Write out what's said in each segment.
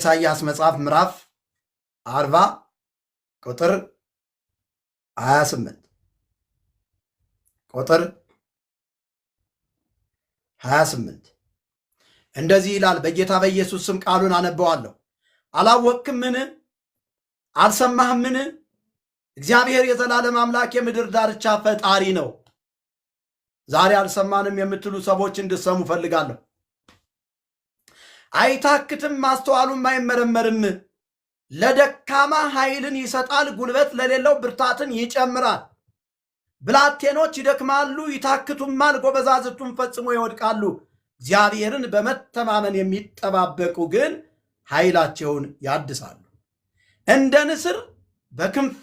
ኢሳያስ መጽሐፍ ምዕራፍ አርባ ቁጥር ስምንት ቁጥር ስምንት እንደዚህ ይላል። በጌታ በኢየሱስ ስም ቃሉን አነበዋለሁ። አላወቅክምን? አልሰማህምን? እግዚአብሔር የዘላለም አምላክ የምድር ዳርቻ ፈጣሪ ነው። ዛሬ አልሰማንም የምትሉ ሰዎች እንድሰሙ ፈልጋለሁ። አይታክትም፣ ማስተዋሉም አይመረመርም። ለደካማ ኃይልን ይሰጣል፣ ጉልበት ለሌለው ብርታትን ይጨምራል። ብላቴኖች ይደክማሉ ይታክቱማል፣ ጎበዛዝቱን ፈጽሞ ይወድቃሉ። እግዚአብሔርን በመተማመን የሚጠባበቁ ግን ኃይላቸውን ያድሳሉ። እንደ ንስር በክንፍ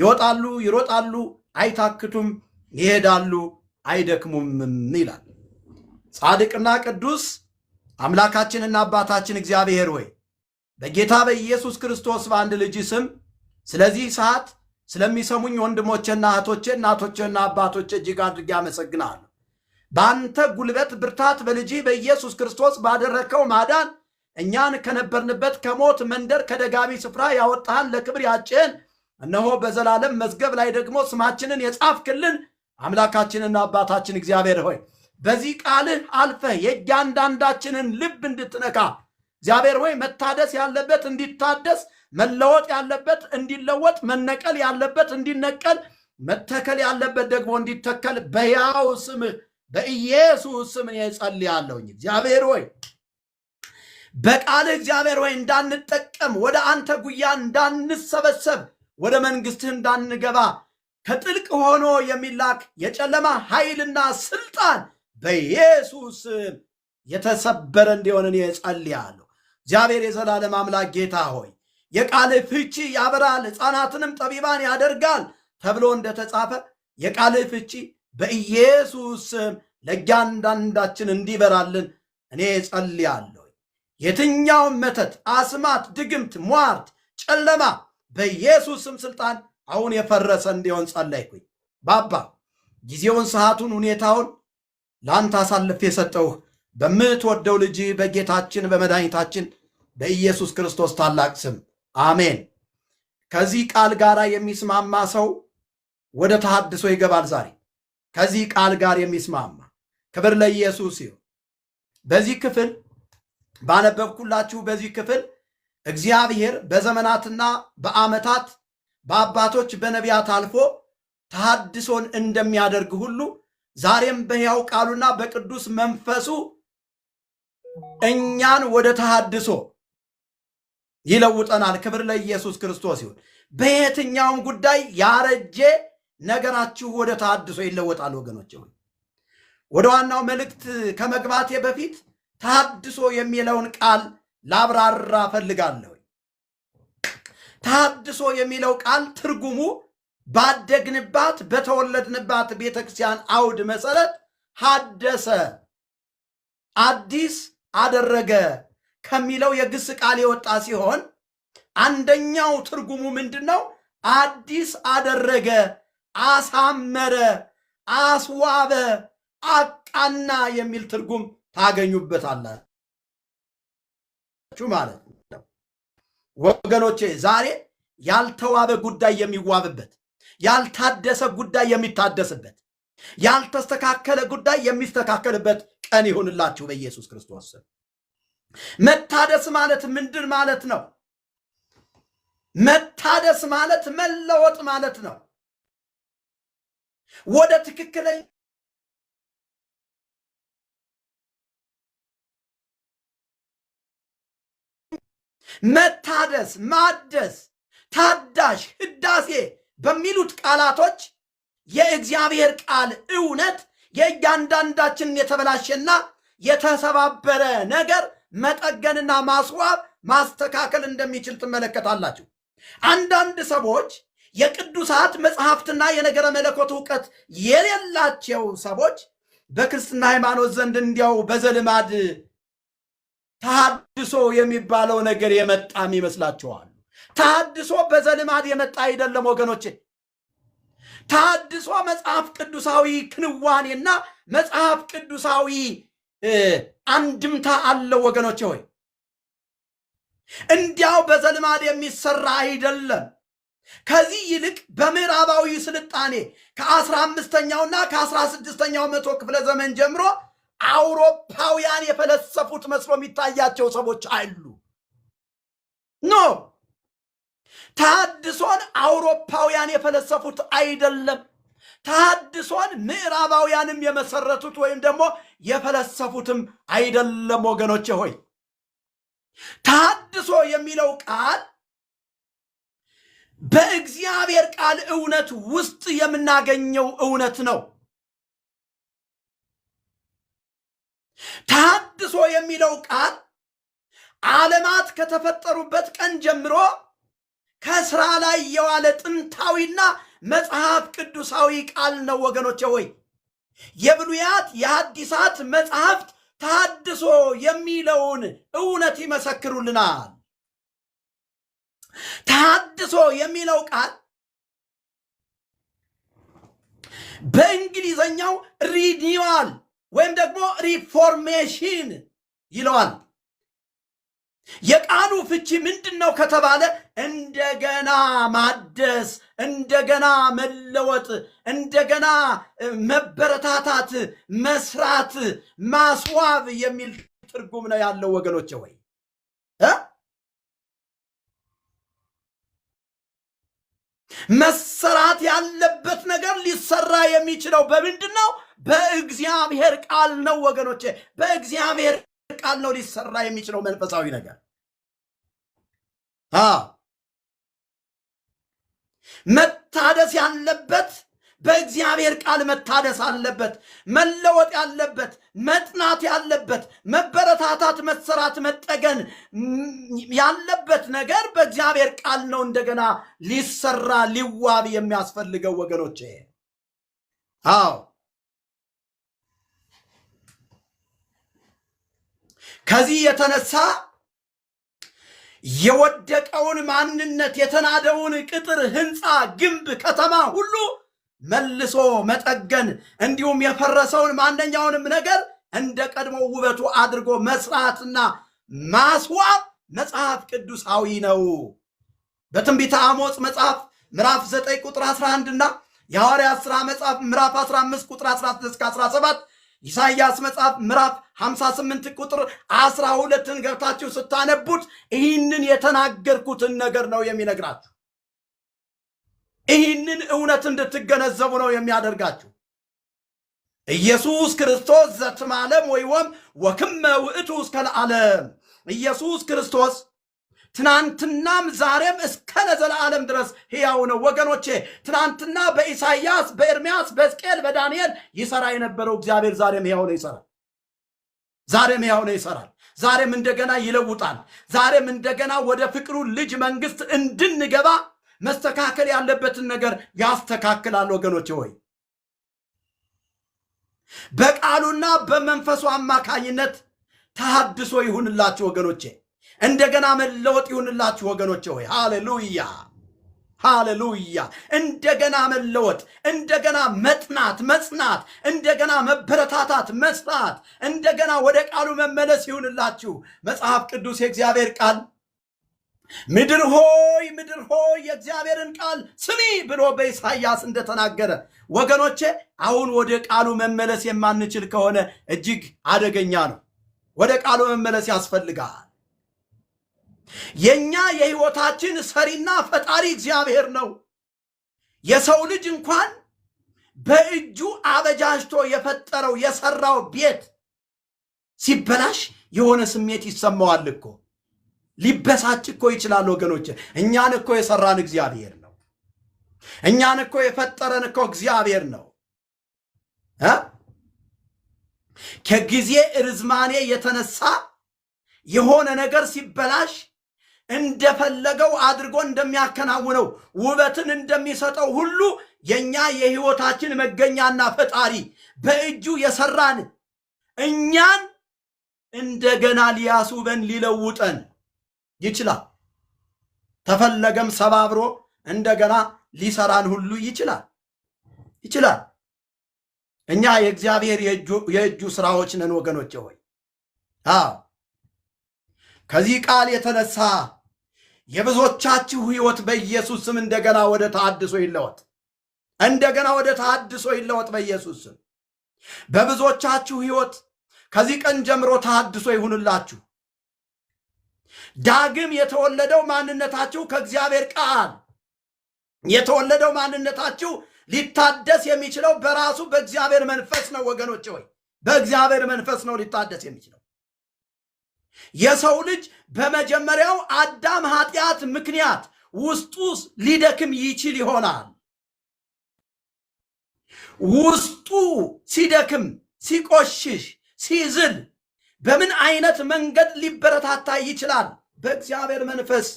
ይወጣሉ፣ ይሮጣሉ፣ አይታክቱም፣ ይሄዳሉ፣ አይደክሙም ይላል ጻድቅና ቅዱስ አምላካችንና አባታችን እግዚአብሔር ሆይ በጌታ በኢየሱስ ክርስቶስ በአንድ ልጅ ስም ስለዚህ ሰዓት ስለሚሰሙኝ ወንድሞቼና እህቶቼ እናቶቼና አባቶቼ እጅግ አድርጌ አመሰግናለሁ። በአንተ ጉልበት ብርታት በልጅ በኢየሱስ ክርስቶስ ባደረከው ማዳን እኛን ከነበርንበት ከሞት መንደር ከደጋሚ ስፍራ ያወጣህን ለክብር ያጭን እነሆ በዘላለም መዝገብ ላይ ደግሞ ስማችንን የጻፍክልን አምላካችንና አባታችን እግዚአብሔር ሆይ በዚህ ቃልህ አልፈህ የእያንዳንዳችንን ልብ እንድትነካ እግዚአብሔር ወይ መታደስ ያለበት እንዲታደስ፣ መለወጥ ያለበት እንዲለወጥ፣ መነቀል ያለበት እንዲነቀል፣ መተከል ያለበት ደግሞ እንዲተከል በያው ስምህ በኢየሱስ ስም እኔ እጸልያለሁኝ። እግዚአብሔር ወይ በቃልህ እግዚአብሔር ወይ እንዳንጠቀም፣ ወደ አንተ ጉያ እንዳንሰበሰብ፣ ወደ መንግስትህ እንዳንገባ ከጥልቅ ሆኖ የሚላክ የጨለማ ኃይልና ስልጣን በኢየሱስ የተሰበረ እንዲሆን እኔ ጸልያለሁ። እግዚአብሔር የዘላለም አምላክ ጌታ ሆይ የቃል ፍቺ ያበራል፣ ሕፃናትንም ጠቢባን ያደርጋል ተብሎ እንደተጻፈ የቃል ፍቺ በኢየሱስ ለእያንዳንዳችን እንዲበራልን እኔ ጸልያለሁ። የትኛውም መተት፣ አስማት፣ ድግምት፣ ሟርት፣ ጨለማ በኢየሱስም ስልጣን አሁን የፈረሰ እንዲሆን ጸለይኩኝ። ባባ ጊዜውን፣ ሰዓቱን፣ ሁኔታውን ለአንተ አሳልፌ የሰጠውህ በምትወደው ልጅ በጌታችን በመድኃኒታችን በኢየሱስ ክርስቶስ ታላቅ ስም አሜን። ከዚህ ቃል ጋር የሚስማማ ሰው ወደ ተሐድሶ ይገባል። ዛሬ ከዚህ ቃል ጋር የሚስማማ ክብር ለኢየሱስ ይሁን። በዚህ ክፍል ባነበብኩላችሁ በዚህ ክፍል እግዚአብሔር በዘመናትና በዓመታት በአባቶች በነቢያት አልፎ ተሐድሶን እንደሚያደርግ ሁሉ ዛሬም በሕያው ቃሉና በቅዱስ መንፈሱ እኛን ወደ ተሃድሶ ይለውጠናል። ክብር ለኢየሱስ ክርስቶስ ይሁን። በየትኛውም ጉዳይ ያረጀ ነገራችሁ ወደ ተሃድሶ ይለወጣል። ወገኖች ሆይ ወደ ዋናው መልእክት ከመግባቴ በፊት ተሃድሶ የሚለውን ቃል ላብራራ ፈልጋለሁ። ተሃድሶ የሚለው ቃል ትርጉሙ ባደግንባት በተወለድንባት ቤተ ክርስቲያን አውድ መሰረት ሀደሰ አዲስ አደረገ ከሚለው የግስ ቃል የወጣ ሲሆን አንደኛው ትርጉሙ ምንድን ነው? አዲስ አደረገ፣ አሳመረ፣ አስዋበ፣ አቃና የሚል ትርጉም ታገኙበታላችሁ ማለት ነው። ወገኖቼ ዛሬ ያልተዋበ ጉዳይ የሚዋብበት ያልታደሰ ጉዳይ የሚታደስበት፣ ያልተስተካከለ ጉዳይ የሚስተካከልበት ቀን ይሁንላችሁ በኢየሱስ ክርስቶስ ስም። መታደስ ማለት ምንድን ማለት ነው? መታደስ ማለት መለወጥ ማለት ነው። ወደ ትክክለኛ መታደስ፣ ማደስ፣ ታዳሽ፣ ህዳሴ በሚሉት ቃላቶች የእግዚአብሔር ቃል እውነት የእያንዳንዳችንን የተበላሸና የተሰባበረ ነገር መጠገንና ማስዋብ ማስተካከል እንደሚችል ትመለከታላችሁ። አንዳንድ ሰዎች የቅዱሳት መጽሐፍትና የነገረ መለኮት እውቀት የሌላቸው ሰዎች በክርስትና ሃይማኖት ዘንድ እንዲያው በዘልማድ ተሃድሶ የሚባለው ነገር የመጣም ይመስላቸዋል። ታድሶ በዘልማድ የመጣ አይደለም ወገኖቼ። ታድሶ መጽሐፍ ቅዱሳዊ ክንዋኔና መጽሐፍ ቅዱሳዊ አንድምታ አለው ወገኖቼ ሆይ እንዲያው በዘልማድ የሚሰራ አይደለም። ከዚህ ይልቅ በምዕራባዊ ስልጣኔ ከአስራ አምስተኛውና ከአስራ ስድስተኛው መቶ ክፍለ ዘመን ጀምሮ አውሮፓውያን የፈለሰፉት መስሎ የሚታያቸው ሰዎች አሉ ኖ ታድሶን አውሮፓውያን የፈለሰፉት አይደለም። ታድሶን ምዕራባውያንም የመሰረቱት ወይም ደግሞ የፈለሰፉትም አይደለም። ወገኖቼ ሆይ ታድሶ የሚለው ቃል በእግዚአብሔር ቃል እውነት ውስጥ የምናገኘው እውነት ነው። ታድሶ የሚለው ቃል ዓለማት ከተፈጠሩበት ቀን ጀምሮ ከስራ ላይ የዋለ ጥንታዊና መጽሐፍ ቅዱሳዊ ቃል ነው። ወገኖቼ ሆይ የብሉያት የሐዲሳት መጽሐፍት ተሐድሶ የሚለውን እውነት ይመሰክሩልናል። ተሐድሶ የሚለው ቃል በእንግሊዘኛው ሪኒዋል ወይም ደግሞ ሪፎርሜሽን ይለዋል። የቃሉ ፍቺ ምንድን ነው ከተባለ እንደገና ማደስ፣ እንደገና መለወጥ፣ እንደገና መበረታታት፣ መስራት፣ ማስዋብ የሚል ትርጉም ነው ያለው ወገኖች ወይ መሰራት ያለበት ነገር ሊሰራ የሚችለው በምንድን ነው? በእግዚአብሔር ቃል ነው ወገኖቼ። በእግዚአብሔር ቃል ነው ሊሰራ የሚችለው መንፈሳዊ ነገር። መታደስ ያለበት በእግዚአብሔር ቃል መታደስ አለበት። መለወጥ ያለበት መጥናት ያለበት መበረታታት፣ መሰራት፣ መጠገን ያለበት ነገር በእግዚአብሔር ቃል ነው እንደገና ሊሰራ ሊዋብ የሚያስፈልገው ወገኖች። አዎ ከዚህ የተነሳ የወደቀውን ማንነት የተናደውን ቅጥር፣ ህንፃ፣ ግንብ፣ ከተማ ሁሉ መልሶ መጠገን እንዲሁም የፈረሰውን ማንኛውንም ነገር እንደ ቀድሞ ውበቱ አድርጎ መስራትና ማስዋብ መጽሐፍ ቅዱሳዊ ነው። በትንቢተ አሞጽ መጽሐፍ ምዕራፍ 9 ቁጥር 11 እና የሐዋርያት ሥራ መጽሐፍ ምዕራፍ 15 ቁጥር 16 17 ኢሳይያስ መጽሐፍ ምዕራፍ 58 ቁጥር 12ን ገብታችሁ ስታነቡት ይህንን የተናገርኩትን ነገር ነው የሚነግራችሁ። ይህንን እውነት እንድትገነዘቡ ነው የሚያደርጋችሁ። ኢየሱስ ክርስቶስ ዘትማለም ወይወም ወክመ ውእቱ እስከ ለዓለም ኢየሱስ ክርስቶስ ትናንትናም ዛሬም እስከ ለዘላለም ድረስ ሕያው ነው። ወገኖቼ ትናንትና በኢሳይያስ፣ በኤርምያስ፣ በሕዝቅኤል፣ በዳንኤል ይሰራ የነበረው እግዚአብሔር ዛሬም ሕያው ነው ይሰራል። ዛሬም ሕያው ነው ይሰራል። ዛሬም እንደገና ይለውጣል። ዛሬም እንደገና ወደ ፍቅሩ ልጅ መንግስት እንድንገባ መስተካከል ያለበትን ነገር ያስተካክላል። ወገኖቼ ሆይ በቃሉና በመንፈሱ አማካኝነት ተሃድሶ ይሁንላችሁ ወገኖቼ። እንደገና መለወጥ ይሁንላችሁ ወገኖች ሆይ ሃሌሉያ ሃሌሉያ እንደገና መለወጥ፣ እንደገና መጥናት፣ መጽናት፣ እንደገና መበረታታት፣ መስራት፣ እንደገና ወደ ቃሉ መመለስ ይሁንላችሁ። መጽሐፍ ቅዱስ የእግዚአብሔር ቃል ምድር ሆይ ምድር ሆይ የእግዚአብሔርን ቃል ስሚ ብሎ በኢሳይያስ እንደተናገረ ወገኖቼ፣ አሁን ወደ ቃሉ መመለስ የማንችል ከሆነ እጅግ አደገኛ ነው። ወደ ቃሉ መመለስ ያስፈልጋል። የኛ የህይወታችን ሰሪና ፈጣሪ እግዚአብሔር ነው። የሰው ልጅ እንኳን በእጁ አበጃጅቶ የፈጠረው የሰራው ቤት ሲበላሽ የሆነ ስሜት ይሰማዋል እኮ ሊበሳጭ እኮ ይችላል። ወገኖች እኛን እኮ የሰራን እግዚአብሔር ነው። እኛን እኮ የፈጠረን እኮ እግዚአብሔር ነው። ከጊዜ ርዝማኔ የተነሳ የሆነ ነገር ሲበላሽ እንደፈለገው አድርጎ እንደሚያከናውነው ውበትን እንደሚሰጠው ሁሉ የእኛ የሕይወታችን መገኛና ፈጣሪ በእጁ የሰራን እኛን እንደገና ሊያስውበን ሊለውጠን ይችላል። ተፈለገም ሰባብሮ እንደገና ሊሰራን ሁሉ ይችላል ይችላል። እኛ የእግዚአብሔር የእጁ ስራዎች ነን ወገኖች ሆይ አዎ ከዚህ ቃል የተነሳ የብዙዎቻችሁ ሕይወት በኢየሱስ ስም እንደገና ወደ ተሐድሶ ይለወጥ፣ እንደገና ወደ ተሐድሶ ይለወጥ በኢየሱስ ስም። በብዙዎቻችሁ ሕይወት ከዚህ ቀን ጀምሮ ተሐድሶ ይሁንላችሁ። ዳግም የተወለደው ማንነታችሁ ከእግዚአብሔር ቃል የተወለደው ማንነታችሁ ሊታደስ የሚችለው በራሱ በእግዚአብሔር መንፈስ ነው። ወገኖች ሆይ በእግዚአብሔር መንፈስ ነው ሊታደስ የሚችለው። የሰው ልጅ በመጀመሪያው አዳም ኃጢአት ምክንያት ውስጡ ሊደክም ይችል ይሆናል። ውስጡ ሲደክም፣ ሲቆሽሽ፣ ሲዝል በምን አይነት መንገድ ሊበረታታ ይችላል? በእግዚአብሔር መንፈስ፣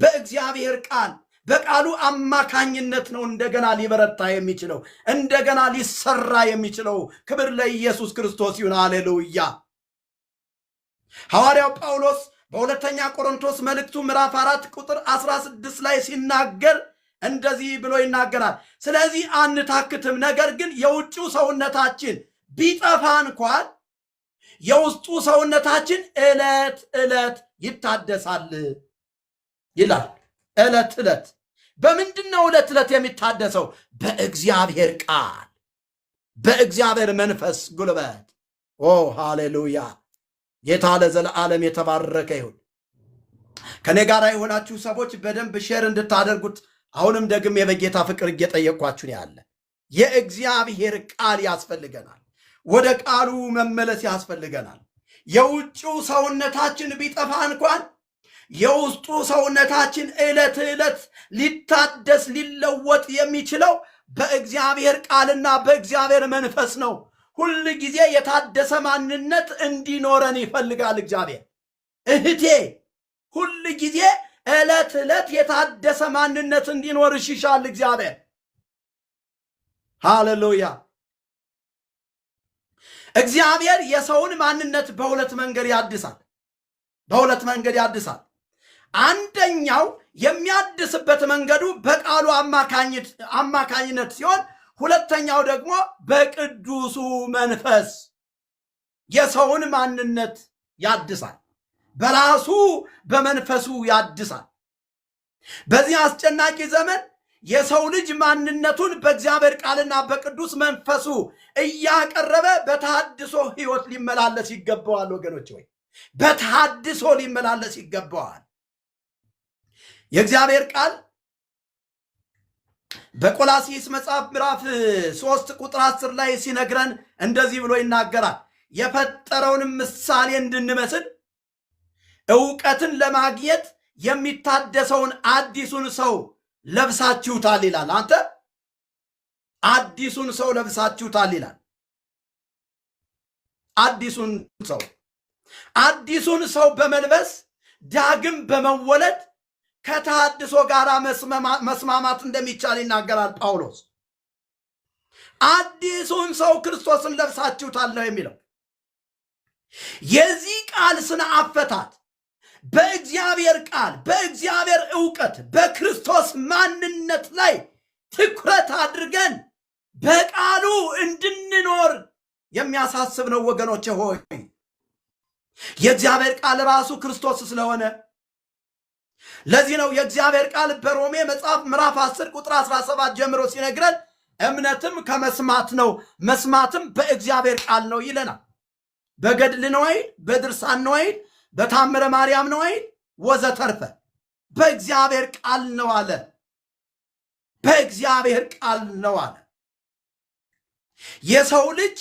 በእግዚአብሔር ቃል፣ በቃሉ አማካኝነት ነው እንደገና ሊበረታ የሚችለው እንደገና ሊሰራ የሚችለው። ክብር ለኢየሱስ ክርስቶስ ይሁን። አሌሉያ ሐዋርያው ጳውሎስ በሁለተኛ ቆሮንቶስ መልእክቱ ምዕራፍ አራት ቁጥር 16 ላይ ሲናገር እንደዚህ ብሎ ይናገራል። ስለዚህ አንታክትም፣ ነገር ግን የውጭው ሰውነታችን ቢጠፋ እንኳን የውስጡ ሰውነታችን ዕለት ዕለት ይታደሳል ይላል። ዕለት ዕለት በምንድን ነው ዕለት ዕለት የሚታደሰው? በእግዚአብሔር ቃል፣ በእግዚአብሔር መንፈስ ጉልበት። ኦ ሃሌሉያ ጌታ ለዘለዓለም የተባረከ ይሁን። ከእኔ ጋር የሆናችሁ ሰዎች በደንብ ሼር እንድታደርጉት አሁንም ደግሜ በጌታ ፍቅር እየጠየቅኳችሁ ያለ የእግዚአብሔር ቃል ያስፈልገናል። ወደ ቃሉ መመለስ ያስፈልገናል። የውጭው ሰውነታችን ቢጠፋ እንኳን የውስጡ ሰውነታችን ዕለት ዕለት ሊታደስ ሊለወጥ የሚችለው በእግዚአብሔር ቃልና በእግዚአብሔር መንፈስ ነው። ሁል ጊዜ የታደሰ ማንነት እንዲኖረን ይፈልጋል እግዚአብሔር። እህቴ ሁል ጊዜ ዕለት ዕለት የታደሰ ማንነት እንዲኖርሽ ይሻል እግዚአብሔር። ሃሌሉያ። እግዚአብሔር የሰውን ማንነት በሁለት መንገድ ያድሳል። በሁለት መንገድ ያድሳል። አንደኛው የሚያድስበት መንገዱ በቃሉ አማካኝነት ሲሆን ሁለተኛው ደግሞ በቅዱሱ መንፈስ የሰውን ማንነት ያድሳል፣ በራሱ በመንፈሱ ያድሳል። በዚህ አስጨናቂ ዘመን የሰው ልጅ ማንነቱን በእግዚአብሔር ቃልና በቅዱስ መንፈሱ እያቀረበ በተሐድሶ ሕይወት ሊመላለስ ይገባዋል። ወገኖች ወይ በተሐድሶ ሊመላለስ ይገባዋል። የእግዚአብሔር ቃል በቆላሲስ መጽሐፍ ምዕራፍ ሶስት ቁጥር አስር ላይ ሲነግረን እንደዚህ ብሎ ይናገራል። የፈጠረውንም ምሳሌ እንድንመስል እውቀትን ለማግኘት የሚታደሰውን አዲሱን ሰው ለብሳችሁታል ይላል። አንተ አዲሱን ሰው ለብሳችሁታል ይላል። አዲሱን ሰው አዲሱን ሰው በመልበስ ዳግም በመወለድ ከተሃድሶ ጋር መስማማት እንደሚቻል ይናገራል ጳውሎስ። አዲሱን ሰው ክርስቶስን ለብሳችሁታል ነው የሚለው። የዚህ ቃል ስነ አፈታት በእግዚአብሔር ቃል፣ በእግዚአብሔር እውቀት፣ በክርስቶስ ማንነት ላይ ትኩረት አድርገን በቃሉ እንድንኖር የሚያሳስብ ነው። ወገኖች ሆይ የእግዚአብሔር ቃል ራሱ ክርስቶስ ስለሆነ ለዚህ ነው የእግዚአብሔር ቃል በሮሜ መጽሐፍ ምዕራፍ 10 ቁጥር 17 ጀምሮ ሲነግረን እምነትም ከመስማት ነው፣ መስማትም በእግዚአብሔር ቃል ነው ይለናል። በገድል ነው አይል፣ በድርሳን ነው አይል፣ በታምረ ማርያም ነው አይል፣ ወዘተርፈ በእግዚአብሔር ቃል ነው አለ። በእግዚአብሔር ቃል ነው አለ። የሰው ልጅ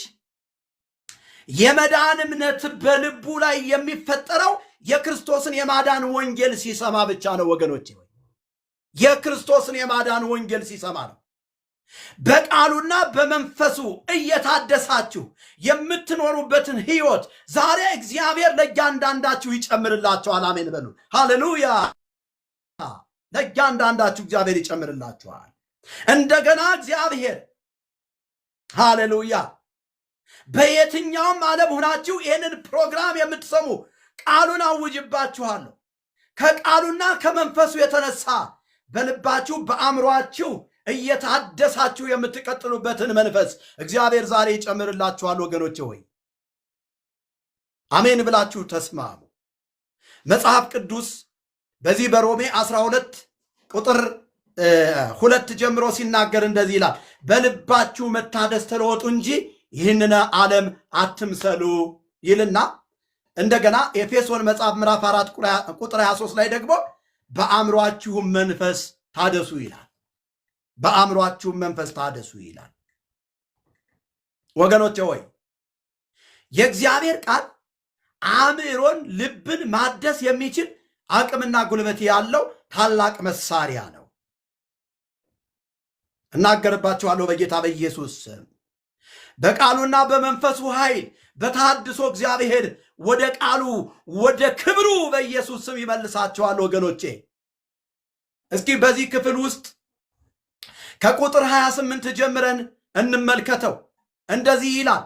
የመዳን እምነት በልቡ ላይ የሚፈጠረው የክርስቶስን የማዳን ወንጌል ሲሰማ ብቻ ነው ወገኖቼ፣ ወይ የክርስቶስን የማዳን ወንጌል ሲሰማ ነው። በቃሉና በመንፈሱ እየታደሳችሁ የምትኖሩበትን ህይወት ዛሬ እግዚአብሔር ለእያንዳንዳችሁ ይጨምርላችኋል። አሜን በሉ ሃሌሉያ። ለእያንዳንዳችሁ እግዚአብሔር ይጨምርላችኋል። እንደገና እግዚአብሔር ሃሌሉያ። በየትኛውም አለም ሁናችሁ ይህንን ፕሮግራም የምትሰሙ ቃሉን አውጅባችኋለሁ። ከቃሉና ከመንፈሱ የተነሳ በልባችሁ በአእምሯችሁ እየታደሳችሁ የምትቀጥሉበትን መንፈስ እግዚአብሔር ዛሬ ይጨምርላችኋል። ወገኖቼ ሆይ አሜን ብላችሁ ተስማሙ። መጽሐፍ ቅዱስ በዚህ በሮሜ 12 ቁጥር ሁለት ጀምሮ ሲናገር እንደዚህ ይላል፣ በልባችሁ መታደስ ተለወጡ እንጂ ይህንን ዓለም አትምሰሉ ይልና እንደገና ኤፌሶን መጽሐፍ ምዕራፍ 4 ቁጥር 23 ላይ ደግሞ በአእምሯችሁም መንፈስ ታደሱ ይላል። በአእምሯችሁም መንፈስ ታደሱ ይላል። ወገኖቼ ሆይ የእግዚአብሔር ቃል አእምሮን፣ ልብን ማደስ የሚችል አቅምና ጉልበት ያለው ታላቅ መሳሪያ ነው። እናገርባችኋለሁ በጌታ በኢየሱስ ስም በቃሉና በመንፈሱ ኃይል በታድሶ እግዚአብሔር ወደ ቃሉ ወደ ክብሩ በኢየሱስ ስም ይመልሳቸዋል። ወገኖቼ እስኪ በዚህ ክፍል ውስጥ ከቁጥር 28 ጀምረን እንመልከተው። እንደዚህ ይላል፣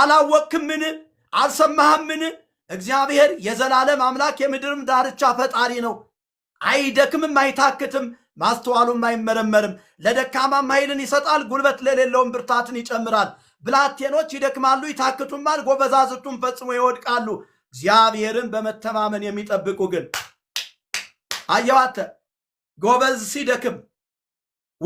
አላወቅክምን አልሰማህምን? እግዚአብሔር የዘላለም አምላክ የምድርም ዳርቻ ፈጣሪ ነው። አይደክምም፣ አይታክትም፣ ማስተዋሉም አይመረመርም። ለደካማም ኃይልን ይሰጣል፣ ጉልበት ለሌለውም ብርታትን ይጨምራል። ብላቴኖች ይደክማሉ፣ ይታክቱማል፣ ጎበዛዝቱን ፈጽሞ ይወድቃሉ። እግዚአብሔርን በመተማመን የሚጠብቁ ግን አየዋተ ጎበዝ ሲደክም፣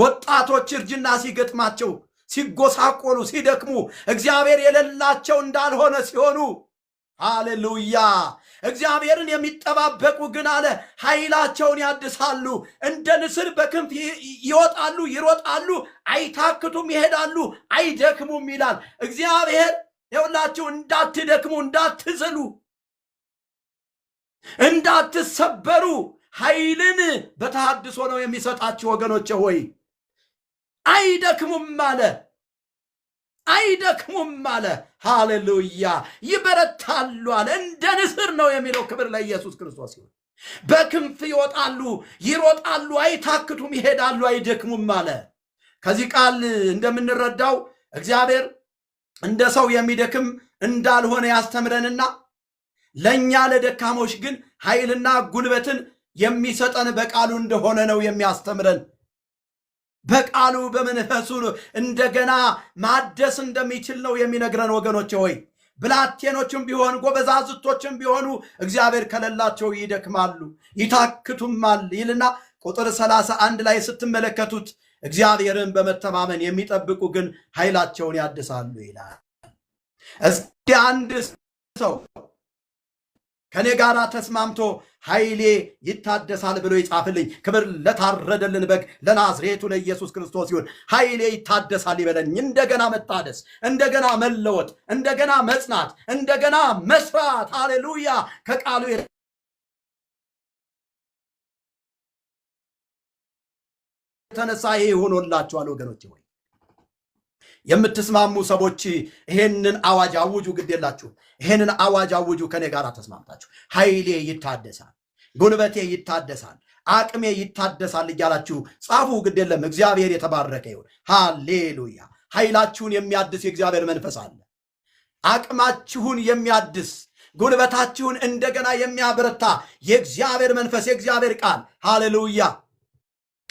ወጣቶች እርጅና ሲገጥማቸው፣ ሲጎሳቆሉ፣ ሲደክሙ፣ እግዚአብሔር የሌላቸው እንዳልሆነ ሲሆኑ ሃሌሉያ እግዚአብሔርን የሚጠባበቁ ግን አለ ኃይላቸውን ያድሳሉ፣ እንደ ንስር በክንፍ ይወጣሉ፣ ይሮጣሉ፣ አይታክቱም፣ ይሄዳሉ፣ አይደክሙም ይላል እግዚአብሔር። ይኸውላችሁ እንዳትደክሙ፣ እንዳትዝሉ፣ እንዳትሰበሩ ኃይልን በተሐድሶ ነው የሚሰጣችሁ ወገኖቼ ሆይ አይደክሙም አለ። አይደክሙም አለ። ሃሌሉያ! ይበረታሉ አለ። እንደ ንስር ነው የሚለው። ክብር ለኢየሱስ ክርስቶስ ይሁን። በክንፍ ይወጣሉ፣ ይሮጣሉ፣ አይታክቱም፣ ይሄዳሉ፣ አይደክሙም አለ። ከዚህ ቃል እንደምንረዳው እግዚአብሔር እንደ ሰው የሚደክም እንዳልሆነ ያስተምረንና ለእኛ ለደካሞች ግን ኃይልና ጉልበትን የሚሰጠን በቃሉ እንደሆነ ነው የሚያስተምረን። በቃሉ በመንፈሱ እንደገና ማደስ እንደሚችል ነው የሚነግረን። ወገኖቼ ሆይ ብላቴኖችም ቢሆን ጎበዛዝቶችም ቢሆኑ እግዚአብሔር ከሌላቸው ይደክማሉ፣ ይታክቱማል ይልና ቁጥር ሰላሳ አንድ ላይ ስትመለከቱት እግዚአብሔርን በመተማመን የሚጠብቁ ግን ኃይላቸውን ያድሳሉ ይላል። እስቲ አንድ ሰው ከእኔ ጋር ተስማምቶ ኃይሌ ይታደሳል ብሎ ይጻፍልኝ። ክብር ለታረደልን በግ ለናዝሬቱ ለኢየሱስ ክርስቶስ ይሁን። ኃይሌ ይታደሳል ይበለኝ። እንደገና መታደስ፣ እንደገና መለወጥ፣ እንደገና መጽናት፣ እንደገና መስራት። አሌሉያ ከቃሉ የተነሳ ይሄ ሆኖላችኋል ወገኖች ሆይ የምትስማሙ ሰዎች ይሄንን አዋጅ አውጁ፣ ግድ የላችሁም። ይሄንን አዋጅ አውጁ ከኔ ጋር ተስማምታችሁ። ኃይሌ ይታደሳል፣ ጉልበቴ ይታደሳል፣ አቅሜ ይታደሳል እያላችሁ ጻፉ። ግድ የለም። እግዚአብሔር የተባረከ ይሁን። ሃሌሉያ። ኃይላችሁን የሚያድስ የእግዚአብሔር መንፈስ አለ። አቅማችሁን የሚያድስ ጉልበታችሁን እንደገና የሚያበረታ የእግዚአብሔር መንፈስ የእግዚአብሔር ቃል ሃሌሉያ።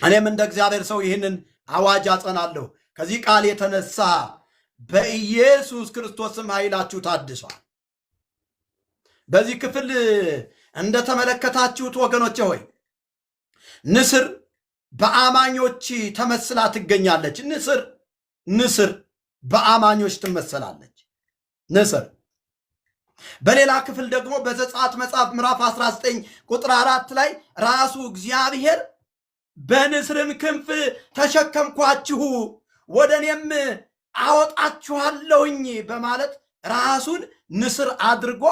እኔም እንደ እግዚአብሔር ሰው ይህንን አዋጅ አጸናለሁ። ከዚህ ቃል የተነሳ በኢየሱስ ክርስቶስም ኃይላችሁ ታድሷል። በዚህ ክፍል እንደተመለከታችሁት ወገኖቼ ሆይ ንስር በአማኞች ተመስላ ትገኛለች። ንስር ንስር በአማኞች ትመሰላለች። ንስር በሌላ ክፍል ደግሞ በዘጸአት መጽሐፍ ምዕራፍ 19 ቁጥር አራት ላይ ራሱ እግዚአብሔር በንስርም ክንፍ ተሸከምኳችሁ ወደ እኔም አወጣችኋለሁኝ በማለት ራሱን ንስር አድርጎ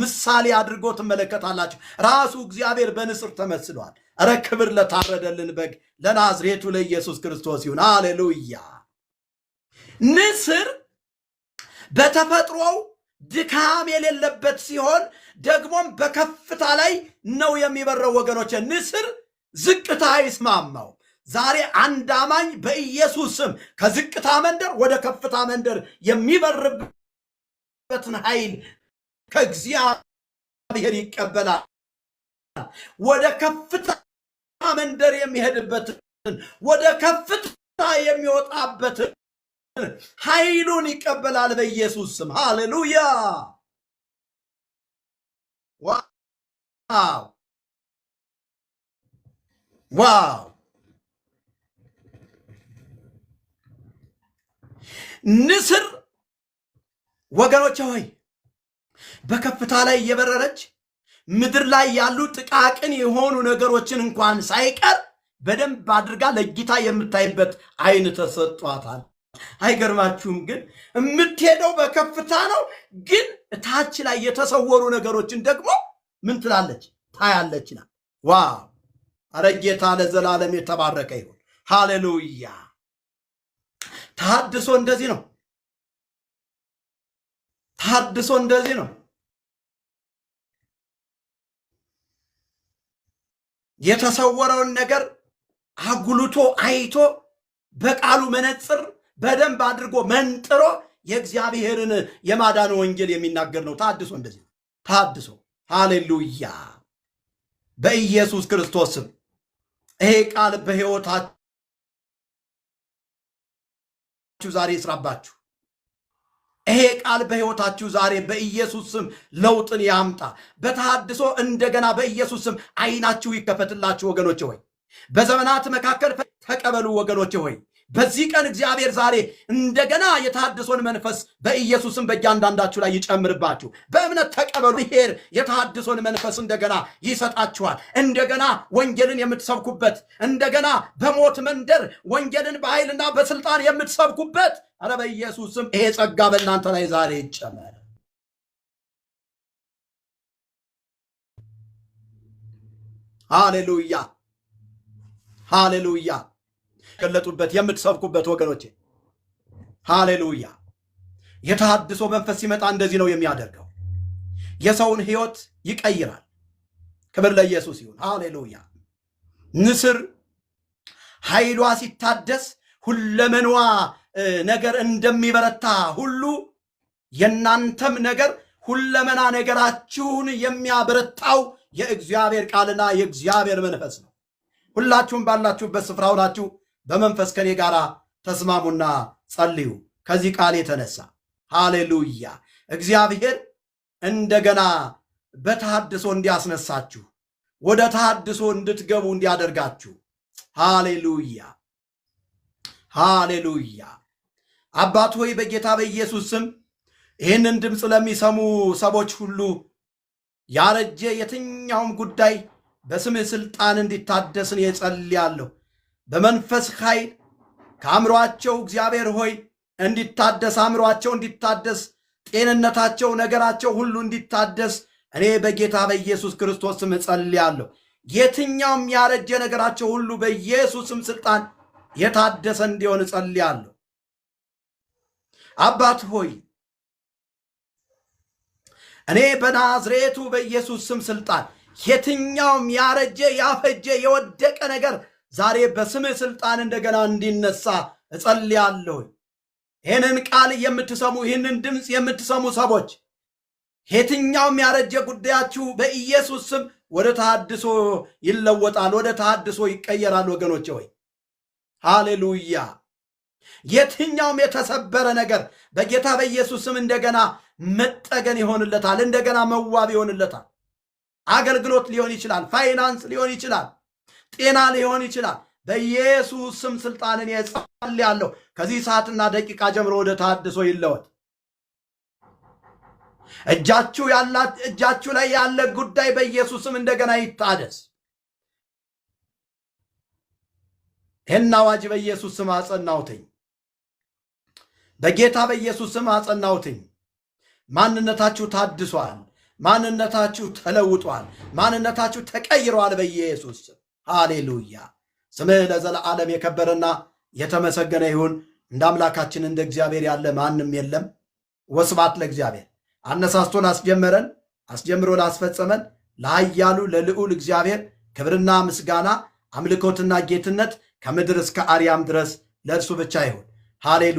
ምሳሌ አድርጎ ትመለከታላችሁ። ራሱ እግዚአብሔር በንስር ተመስሏል። እረ ክብር ለታረደልን በግ ለናዝሬቱ ለኢየሱስ ክርስቶስ ይሁን። አሌሉያ። ንስር በተፈጥሮው ድካም የሌለበት ሲሆን ደግሞም በከፍታ ላይ ነው የሚበረው። ወገኖች ንስር ዝቅታ አይስማማው። ዛሬ አንድ አማኝ በኢየሱስ ስም ከዝቅታ መንደር ወደ ከፍታ መንደር የሚበርበትን ኃይል ከእግዚአብሔር ይቀበላል። ወደ ከፍታ መንደር የሚሄድበትን ወደ ከፍታ የሚወጣበትን ኃይሉን ይቀበላል በኢየሱስ ስም። ሃሌሉያ! ዋው ዋው! ንስር ወገኖች ሆይ በከፍታ ላይ እየበረረች ምድር ላይ ያሉ ጥቃቅን የሆኑ ነገሮችን እንኳን ሳይቀር በደንብ አድርጋ ለጌታ የምታይበት አይን ተሰጧታል። አይገርማችሁም? ግን የምትሄደው በከፍታ ነው። ግን እታች ላይ የተሰወሩ ነገሮችን ደግሞ ምን ትላለች? ታያለች። ና ዋ! አረ ጌታ ለዘላለም የተባረከ ይሁን። ሃሌሉያ ተሐድሶ እንደዚህ ነው። ተሐድሶ እንደዚህ ነው። የተሰወረውን ነገር አጉልቶ አይቶ በቃሉ መነጽር በደንብ አድርጎ መንጥሮ የእግዚአብሔርን የማዳን ወንጌል የሚናገር ነው። ተሐድሶ እንደዚህ ነው። ተሐድሶ ሃሌሉያ! በኢየሱስ ክርስቶስ ስም ይሄ ቃል በሕይወታችሁ ዛሬ ይስራባችሁ። ይሄ ቃል በሕይወታችሁ ዛሬ በኢየሱስ ስም ለውጥን ያምጣ። በተሃድሶ እንደገና በኢየሱስ ስም ዓይናችሁ ይከፈትላችሁ ወገኖች ሆይ በዘመናት መካከል ተቀበሉ ወገኖች ሆይ በዚህ ቀን እግዚአብሔር ዛሬ እንደገና የተሃድሶን መንፈስ በኢየሱስም በእያንዳንዳችሁ ላይ ይጨምርባችሁ። በእምነት ተቀበሉ። ብሔር የተሃድሶን መንፈስ እንደገና ይሰጣችኋል። እንደገና ወንጌልን የምትሰብኩበት እንደገና በሞት መንደር ወንጌልን በኃይልና በስልጣን የምትሰብኩበት አረ በኢየሱስም ይሄ ጸጋ በእናንተ ላይ ዛሬ ይጨመር። ሃሌሉያ ሃሌሉያ የምትገለጡበት የምትሰብኩበት ወገኖቼ፣ ሃሌሉያ። የተሃድሶ መንፈስ ሲመጣ እንደዚህ ነው የሚያደርገው። የሰውን ህይወት ይቀይራል። ክብር ለኢየሱስ ይሁን። ሃሌሉያ። ንስር ኃይሏ ሲታደስ ሁለመናዋ ነገር እንደሚበረታ ሁሉ የእናንተም ነገር ሁለመና ነገራችሁን የሚያበረታው የእግዚአብሔር ቃልና የእግዚአብሔር መንፈስ ነው። ሁላችሁም ባላችሁበት ስፍራ ሁላችሁ በመንፈስ ከኔ ጋር ተስማሙና ጸልዩ። ከዚህ ቃል የተነሳ ሃሌሉያ እግዚአብሔር እንደገና በተሃድሶ እንዲያስነሳችሁ ወደ ተሃድሶ እንድትገቡ እንዲያደርጋችሁ። ሃሌሉያ ሃሌሉያ። አባት ሆይ በጌታ በኢየሱስ ስም ይህንን ድምፅ ለሚሰሙ ሰዎች ሁሉ ያረጀ የትኛውም ጉዳይ በስምህ ስልጣን እንዲታደስን የጸልያለሁ። በመንፈስ ኃይል ከአእምሯቸው እግዚአብሔር ሆይ እንዲታደስ አእምሯቸው እንዲታደስ ጤንነታቸው፣ ነገራቸው ሁሉ እንዲታደስ እኔ በጌታ በኢየሱስ ክርስቶስ ስም እጸልያለሁ። የትኛውም ያረጀ ነገራቸው ሁሉ በኢየሱስም ስልጣን የታደሰ እንዲሆን እጸልያለሁ። አባት ሆይ እኔ በናዝሬቱ በኢየሱስ ስም ስልጣን የትኛውም ያረጀ ያፈጀ የወደቀ ነገር ዛሬ በስምህ ስልጣን እንደገና እንዲነሳ እጸልያለሁ። ይህንን ቃል የምትሰሙ ይህንን ድምፅ የምትሰሙ ሰዎች የትኛውም ያረጀ ጉዳያችሁ በኢየሱስ ስም ወደ ተሐድሶ ይለወጣል፣ ወደ ተሐድሶ ይቀየራል። ወገኖች ሆይ ሃሌሉያ። የትኛውም የተሰበረ ነገር በጌታ በኢየሱስ ስም እንደገና መጠገን ይሆንለታል፣ እንደገና መዋብ ይሆንለታል። አገልግሎት ሊሆን ይችላል፣ ፋይናንስ ሊሆን ይችላል ጤና ሊሆን ይችላል። በኢየሱስ ስም ስልጣንን የጻል ያለው ከዚህ ሰዓትና ደቂቃ ጀምሮ ወደ ታድሶ ይለወጥ። እጃችሁ ያላት እጃችሁ ላይ ያለ ጉዳይ በኢየሱስ ስም እንደገና ይታደስ። ይህን አዋጅ በኢየሱስ ስም አጸናውትኝ። በጌታ በኢየሱስ ስም አጸናውትኝ። ማንነታችሁ ታድሷል። ማንነታችሁ ተለውጧል። ማንነታችሁ ተቀይሯል በኢየሱስ ስም ሃሌሉያ። ስምህ ለዘለዓለም የከበረና የተመሰገነ ይሁን። እንደ አምላካችን እንደ እግዚአብሔር ያለ ማንም የለም። ወስባት ለእግዚአብሔር። አነሳስቶን አስጀመረን አስጀምሮ ላስፈጸመን ለኃያሉ ለልዑል እግዚአብሔር ክብርና ምስጋና አምልኮትና ጌትነት ከምድር እስከ አርያም ድረስ ለእርሱ ብቻ ይሁን። ሃሌሉ